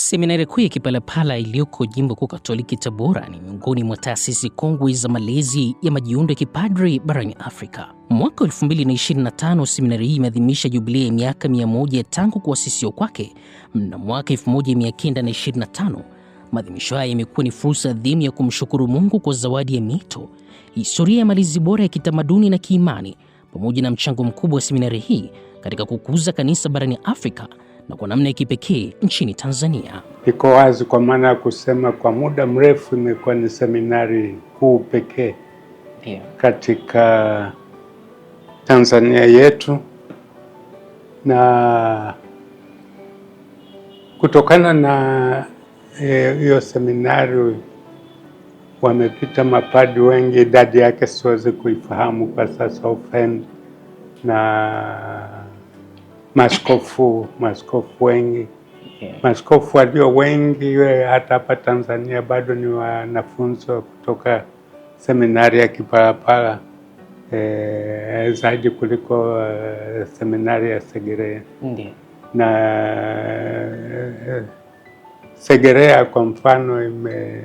Seminari kuu ya Kipalapala iliyoko jimbo kuu Katoliki Tabora ni miongoni mwa taasisi kongwe za malezi ya majiundo ya kipadri barani Afrika. Mwaka 2025 seminari hii imeadhimisha jubilia ya miaka 100 tangu kuasisiwa kwake mnamo mwaka 1925. Maadhimisho haya yamekuwa ni fursa adhimu ya kumshukuru Mungu kwa zawadi ya mito, historia ya malezi bora ya kitamaduni na kiimani, pamoja na mchango mkubwa wa seminari hii katika kukuza kanisa barani Afrika na kwa namna ya kipekee nchini Tanzania. Iko wazi kwa maana ya kusema kwa muda mrefu imekuwa ni seminari kuu pekee yeah, katika Tanzania yetu na kutokana na e, hiyo e, seminari wamepita mapadi wengi, idadi yake siwezi kuifahamu kwa sasa often na maskofu maskofu wengi yeah. Maskofu walio wengi eh, hata hapa Tanzania bado ni wanafunzi kutoka seminari ya Kipalapala e, zaidi kuliko uh, seminari ya Segerea yeah. Na uh, Segerea kwa mfano ime,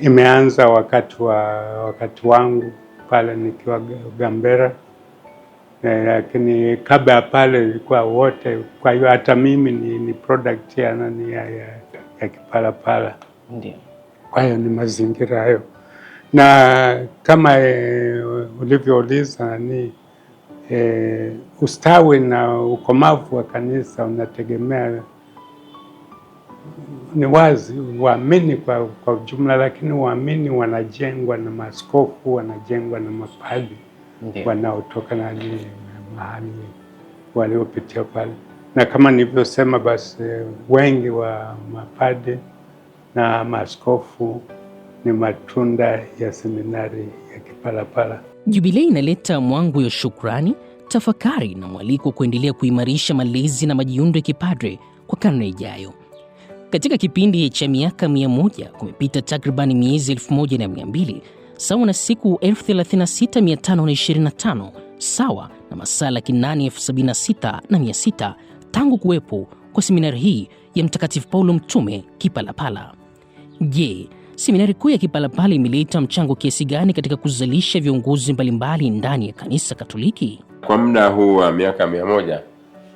imeanza wakati wa wakati wangu pale nikiwa Gambera eh, lakini kabla ya pale ilikuwa wote. Kwa hiyo hata mimi ni, ni product ya nani ya, ya, ya Kipalapala. Ndiyo. Kwa hiyo ni mazingira hayo, na kama e, ulivyouliza ni e, ustawi na ukomavu wa kanisa unategemea ni wazi waamini kwa, kwa ujumla, lakini waamini wanajengwa na maaskofu, wanajengwa na mapadri wanaotoka nani mahali waliopitia pale, na kama nilivyosema, basi wengi wa mapade na maaskofu ni matunda ya seminari ya Kipalapala. Jubilei inaleta mwangu ya shukrani, tafakari na mwaliko kuendelea kuimarisha malezi na majiundo ya kipadre kwa karne ijayo. Katika kipindi cha miaka mia moja kumepita takribani miezi elfu moja na mia mbili sawa na siku 36525 sawa na masaa laki 876600 na tangu kuwepo kwa seminari hii ya Mtakatifu Paulo Mtume Kipalapala. Je, seminari kuu ya Kipalapala imeleta mchango kiasi gani katika kuzalisha viongozi mbalimbali ndani ya kanisa Katoliki? Kwa muda huu wa miaka mia moja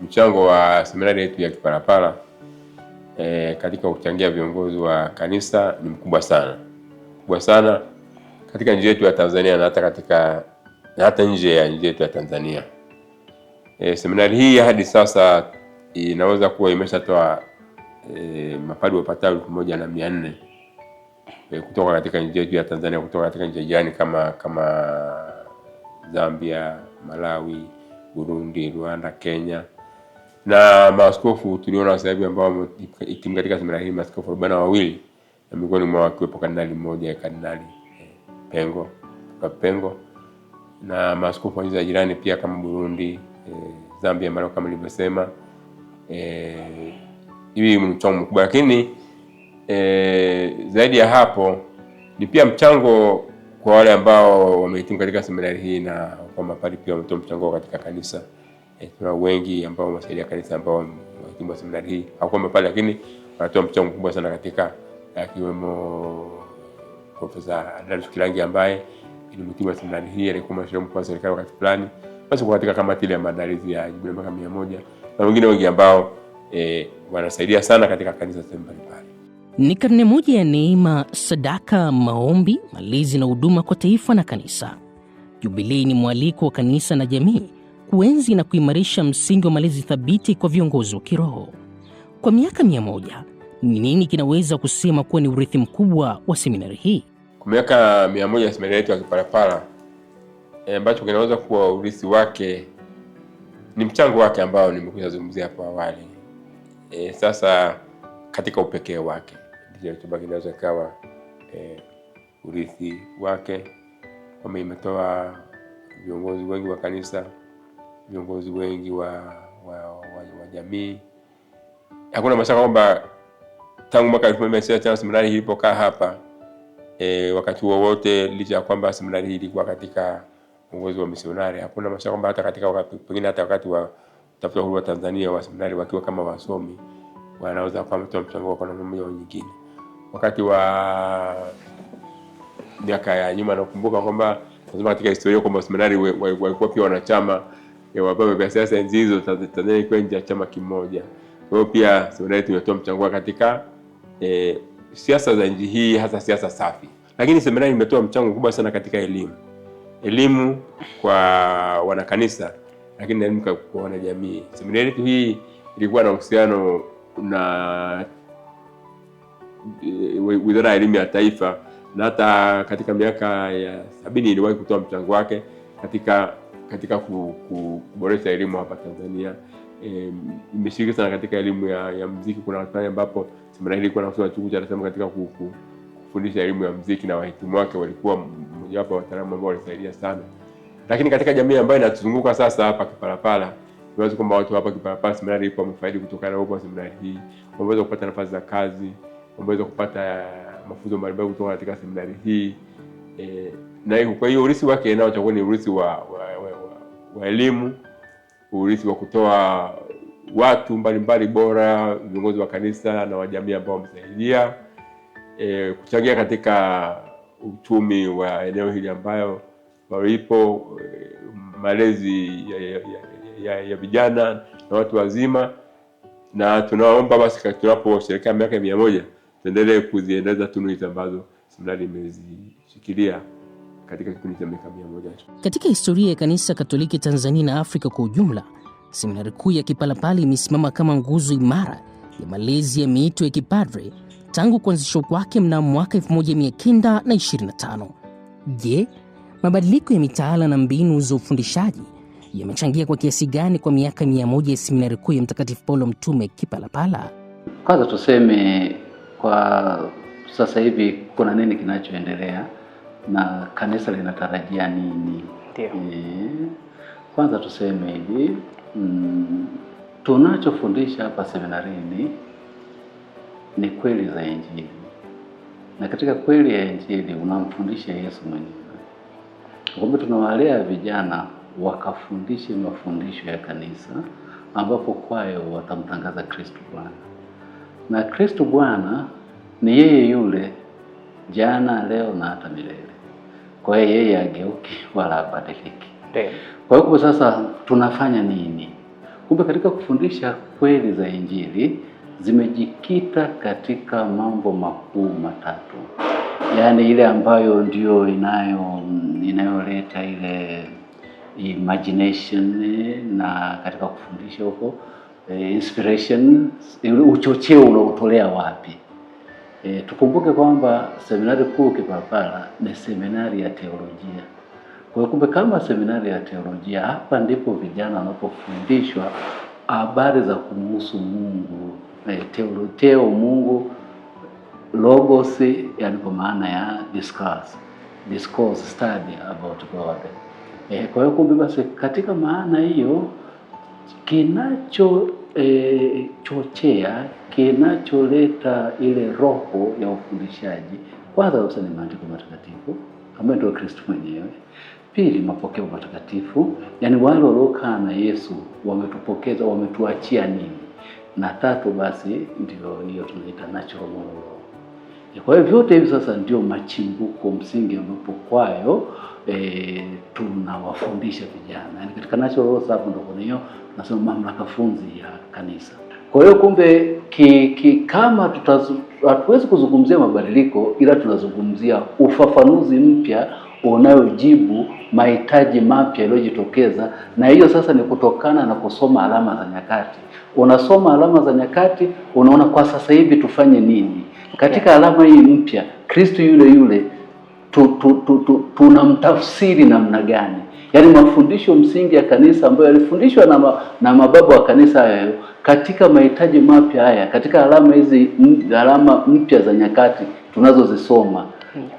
mchango wa seminari yetu ya Kipalapala e, katika kuchangia viongozi wa kanisa ni mkubwa sana, mkubwa sana katika nchi yetu ya Tanzania na hata katika na hata nje ya nchi yetu ya Tanzania. E, seminari hii hadi sasa inaweza kuwa imeshatoa e, mapadri wapatao elfu moja na mia nne e, kutoka katika nchi yetu ya Tanzania, kutoka katika nchi jirani kama kama Zambia, Malawi, Burundi, Rwanda, Kenya na maaskofu tuliona hivi ambao wamehitimu katika seminari hii maaskofu arobaini na wawili na miongoni mwa akiwepo kardinali mmoja kardinali pengo ka pengo na maaskofu wa nchi za jirani pia kama Burundi, e, Zambia, Malawi kama nilivyosema. Eh, hii mchango mkubwa, lakini e, zaidi ya hapo ni pia mchango kwa wale ambao wamehitimu katika seminari hii na kwa mapari pia wametoa mchango katika kanisa. E, tuna wengi ambao wamesaidia kanisa ambao wamehitimu seminari hii hawakuwa mapari, lakini wanatoa mchango mkubwa sana katika akiwemo Profesa Adolf Kilangi ambaye wa seminari hii alikuwa mwanasheria mkuu wa serikali wakati fulani, basi kwa katika kamati ile ya maandalizi ya jubilei miaka mia moja na wengine wengi ambao e, wanasaidia sana katika kanisa sehemu mbalimbali. Ni karne moja ya neema, sadaka, maombi, malezi na huduma kwa taifa na kanisa. Jubilei ni mwaliko wa kanisa na jamii kuenzi na kuimarisha msingi wa malezi thabiti kwa viongozi wa kiroho. Kwa miaka mia moja ni nini kinaweza kusema kuwa ni urithi mkubwa wa seminari hii? Kwa miaka mia moja ya seminari yetu ya Kipalapala, eh, ambacho e, kinaweza kuwa urithi wake ni mchango wake ambao nimekwisha zungumzia hapo awali. E, sasa katika upekee wake ndicho chumba kinaweza kawa e, eh, urithi wake, kwamba imetoa viongozi wengi wa kanisa, viongozi wengi wa, wa, wa, wa, wa jamii. Hakuna mashaka kwamba tangu mwaka elfu sita 1995 seminari hii ilipokaa hapa e, wakati wowote licha ya kwamba seminari hii ilikuwa katika uongozi wa misionari, hakuna mashaka kwamba hata katika wakati pengine hata wakati wa tafuta uhuru wa Tanzania wa seminari wakiwa kama wasomi wanaweza kwa mtu mchango kwa namna moja nyingine. Wakati wa miaka ya nyuma nakumbuka kwamba nasema katika historia kwamba seminari walikuwa pia wanachama ya vyama vya siasa enzi hizo. Tanzania ilikuwa nje ya chama kimoja, kwa hiyo pia seminari tumetoa mchango katika e, siasa za nchi hii hasa siasa safi. Lakini seminari imetoa mchango mkubwa sana katika elimu, elimu kwa wanakanisa, lakini elimu kwa wanajamii. Seminari yetu hii ilikuwa na uhusiano na e, Wizara ya Elimu ya Taifa na hata katika miaka ya sabini iliwahi kutoa mchango wake katika katika kuboresha elimu hapa Tanzania e, imeshiriki sana katika elimu ya, ya mziki. Kuna wakati ambapo semina hili ilikuwa na kusema chungu cha damu katika kuku, kufundisha elimu ya mziki na wahitimu wake walikuwa mmojawapo wa wataalamu ambao walisaidia sana. Lakini katika jamii ambayo inatuzunguka sasa hapa Kipalapala, tunaweza kwamba watu hapa Kipalapala seminari ipo wamefaidi kutokana na uwepo wa seminari hii, wameweza kupata nafasi za kazi, wameweza kupata eh, mafunzo mbalimbali kutoka katika seminari hii e, na kwa hiyo urisi wake nao utakuwa ni urisi wa, wa, wa, wa, wa elimu urithi wa kutoa watu mbalimbali bora, viongozi wa kanisa na wajamii ambao wamesaidia e, kuchangia katika uchumi wa eneo hili ambayo walipo e, malezi ya, ya, ya, ya vijana na watu wazima, na tunaomba basi tunaposherekea miaka mia moja tuendelee kuziendeleza tunu hizi ambazo seminari imezishikilia katika kipindi cha miaka mia moja. Katika historia ya kanisa Katoliki Tanzania na Afrika kwa ujumla, seminari kuu ya Kipalapala imesimama kama nguzo imara ya malezi ya miito ya kipadre tangu kuanzishwa kwake mnamo mwaka 1925. Je, mabadiliko ya mitaala na mbinu za ufundishaji yamechangia kwa kiasi gani kwa miaka mia moja ya seminari kuu ya Mtakatifu Paulo Mtume Kipalapala? Kwanza tuseme kwa sasa hivi kuna nini kinachoendelea na kanisa linatarajia nini? E, kwanza tuseme hivi mm, tunachofundisha hapa seminarini ni kweli za Injili, na katika kweli ya Injili unamfundisha Yesu mwenyewe. Kumbe tunawalea vijana wakafundishe mafundisho ya kanisa, ambapo kwayo watamtangaza Kristo Bwana, na Kristo Bwana ni yeye yule jana, leo na hata milele. Kwa hiyo yeye ageuke wala abadiliki. Kwa hiyo sasa tunafanya nini? Kumbe katika kufundisha kweli za Injili zimejikita katika mambo makuu matatu, yaani ile ambayo ndio inayo inayoleta ile imagination na katika kufundisha huko eh, inspiration, uchocheo unaotolea wapi E, tukumbuke kwamba seminari kuu Kipalapala ni seminari ya teolojia. Kwa kumbe, kama seminari ya teolojia, hapa ndipo vijana wanapofundishwa habari za kumuhusu Mungu e, eh, teoloteo Mungu, logos, yani kwa maana ya discuss, discourse study about God. E, kwa hiyo kumbe basi katika maana hiyo kinacho e, chochea kinacholeta ile roho ya ufundishaji, kwanza kabisa ni maandiko matakatifu ambayo ndio Kristo mwenyewe. Pili, mapokeo matakatifu, yaani wale waliokaa na Yesu wametupokeza, wametuachia nini? Na tatu basi ndio hiyo tunaita natural moral law. Kwa hiyo vyote hivi sasa ndio machimbuko msingi ambapo kwayo e, tunawafundisha vijana yani, katika National Law ndio kuna hiyo nasema mamlaka funzi ya kanisa. Kwa hiyo kumbe ki, ki, kama hatuwezi kuzungumzia mabadiliko, ila tunazungumzia ufafanuzi mpya unayojibu mahitaji mapya yaliyojitokeza, na hiyo sasa ni kutokana na kusoma alama za nyakati. Unasoma alama za nyakati, unaona kwa sasa hivi tufanye nini katika alama hii mpya. Kristo yule yule tu, tu, tu, tu, mtafsiri namna gani? Yaani mafundisho msingi ya kanisa ambayo yalifundishwa na, ma, na mababu wa kanisa hayo katika mahitaji mapya haya, katika alama hizi, alama mpya za nyakati tunazozisoma,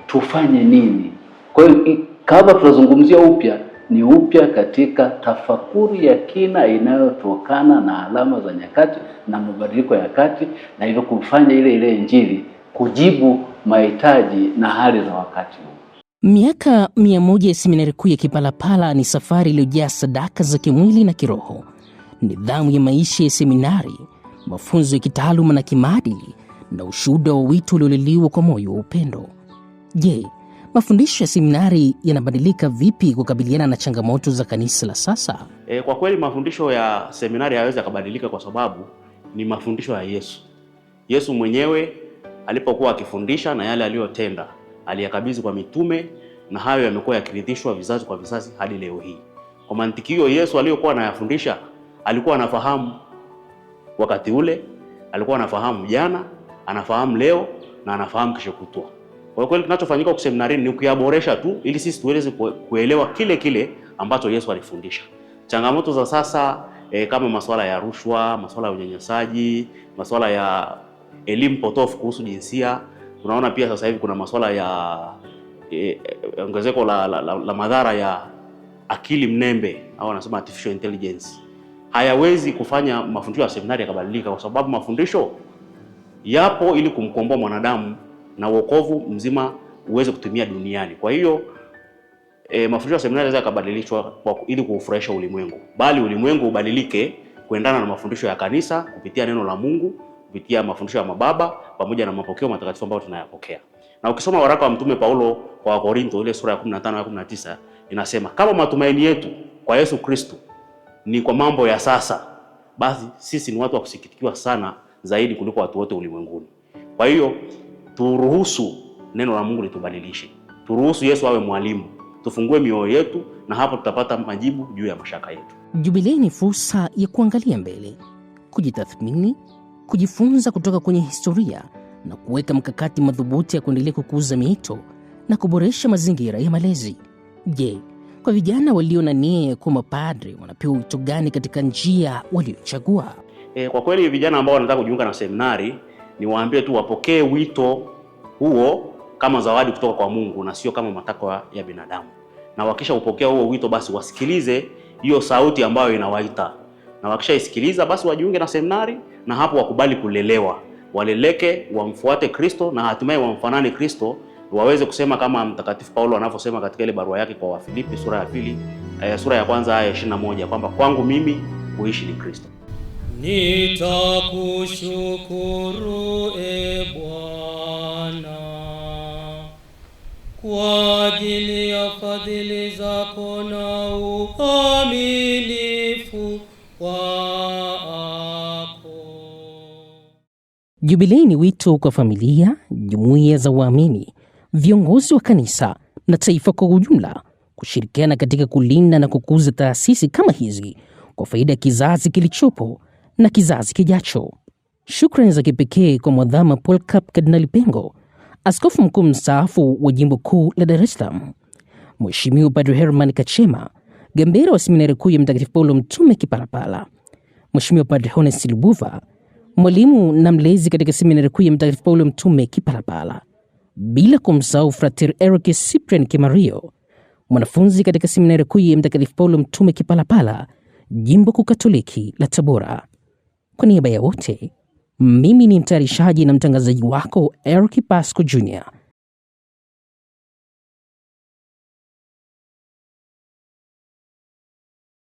tufanye nini? Kwa hiyo kama tunazungumzia upya, ni upya katika tafakuri ya kina inayotokana na alama za nyakati na mabadiliko ya kati na hivyo kufanya ile ile injili kujibu mahitaji na hali za wakati huu. Miaka mia moja ya seminari kuu ya Kipalapala ni safari iliyojaa sadaka za kimwili na kiroho, nidhamu ya maisha ya seminari, mafunzo ya kitaaluma na kimaadili, na ushuhuda wa wito ulioliliwa kwa moyo wa upendo. Je, mafundisho ya seminari yanabadilika vipi kukabiliana na changamoto za kanisa la sasa? E, kwa kweli mafundisho ya seminari hayawezi yakabadilika kwa sababu ni mafundisho ya Yesu. Yesu mwenyewe alipokuwa akifundisha na yale aliyotenda aliyakabidhi kwa mitume, na hayo yamekuwa yakirithishwa vizazi kwa vizazi hadi leo hii. Kwa mantiki hiyo, Yesu aliyokuwa anayafundisha alikuwa anafahamu wakati ule, alikuwa anafahamu jana, anafahamu leo na anafahamu kesho kutwa. Kwa kweli kinachofanyika kwa seminarini ni kuyaboresha tu ili sisi tuweze kuelewa kile kile ambacho Yesu alifundisha. Changamoto za sasa e, kama masuala ya rushwa, masuala ya unyanyasaji, masuala ya elimu potofu kuhusu jinsia. Tunaona pia sasa hivi kuna masuala ya e, e, ongezeko la, la, la, la madhara ya akili mnembe au wanasema artificial intelligence. Hayawezi kufanya mafundisho ya seminari yakabadilika, kwa sababu mafundisho yapo ili kumkomboa mwanadamu na wokovu mzima uweze kutumia duniani. Kwa hiyo e, mafundisho ya seminari yanaweza yakabadilishwa ili kuufurahisha ulimwengu, bali ulimwengu ubadilike kuendana na mafundisho ya kanisa kupitia neno la Mungu kupitia mafundisho ya mababa pamoja na mapokeo matakatifu ambayo tunayapokea. Na ukisoma waraka wa Mtume Paulo kwa Wakorintho ile sura ya 15 na 19 inasema kama matumaini yetu kwa Yesu Kristo ni kwa mambo ya sasa, basi sisi ni watu wa kusikitikiwa sana zaidi kuliko watu wote ulimwenguni. Kwa hiyo turuhusu neno la Mungu litubadilishe, turuhusu Yesu awe mwalimu, tufungue mioyo yetu, na hapo tutapata majibu juu ya mashaka yetu. Jubilei ni fursa ya kuangalia mbele, kujitathmini kujifunza kutoka kwenye historia na kuweka mkakati madhubuti ya kuendelea kukuza miito na kuboresha mazingira ya malezi. Je, kwa vijana walio na nia ya kuwa mapadre wanapewa wito gani katika njia waliochagua? E, kwa kweli vijana ambao wanataka kujiunga na seminari niwaambie tu wapokee wito huo kama zawadi kutoka kwa Mungu na sio kama matakwa ya binadamu, na wakisha upokea huo wito, basi wasikilize hiyo sauti ambayo inawaita na wakishaisikiliza basi wajiunge na seminari, na hapo wakubali kulelewa, waleleke, wamfuate Kristo na hatimaye wamfanane Kristo, waweze kusema kama Mtakatifu Paulo anavyosema katika ile barua yake kwa Wafilipi sura ya pili eh, sura ya kwanza aya 21 kwamba kwangu mimi kuishi ni Kristo. Nitakushukuru e Bwana kwa ajili ya fadhili zako na uaminifu wako. Jubilei ni wito kwa familia, jumuiya za waamini, viongozi wa kanisa na taifa kwa ujumla kushirikiana katika kulinda na kukuza taasisi kama hizi kwa faida ya kizazi kilichopo na kizazi kijacho. Shukrani za kipekee kwa Mwadhama Polycarp Kardinali Pengo, askofu mkuu mstaafu wa jimbo kuu la Dar es Salaam, Mheshimiwa Padre Herman Kachema, gambera wa seminari kuu ya Mtakatifu Paulo Mtume Kipalapala. mweshimiwa Padre Honest Lubuva, mwalimu na mlezi katika seminari kuu ya Mtakatifu Paulo Mtume Kipalapala, bila kumsahau Frater Eric Cyprian Kimario, mwanafunzi katika seminari kuu ya Mtakatifu Paulo Mtume Kipalapala, jimbo kuu Katoliki la Tabora. Kwa niaba ya wote, mimi ni mtayarishaji na mtangazaji wako Eric Pasco Jr.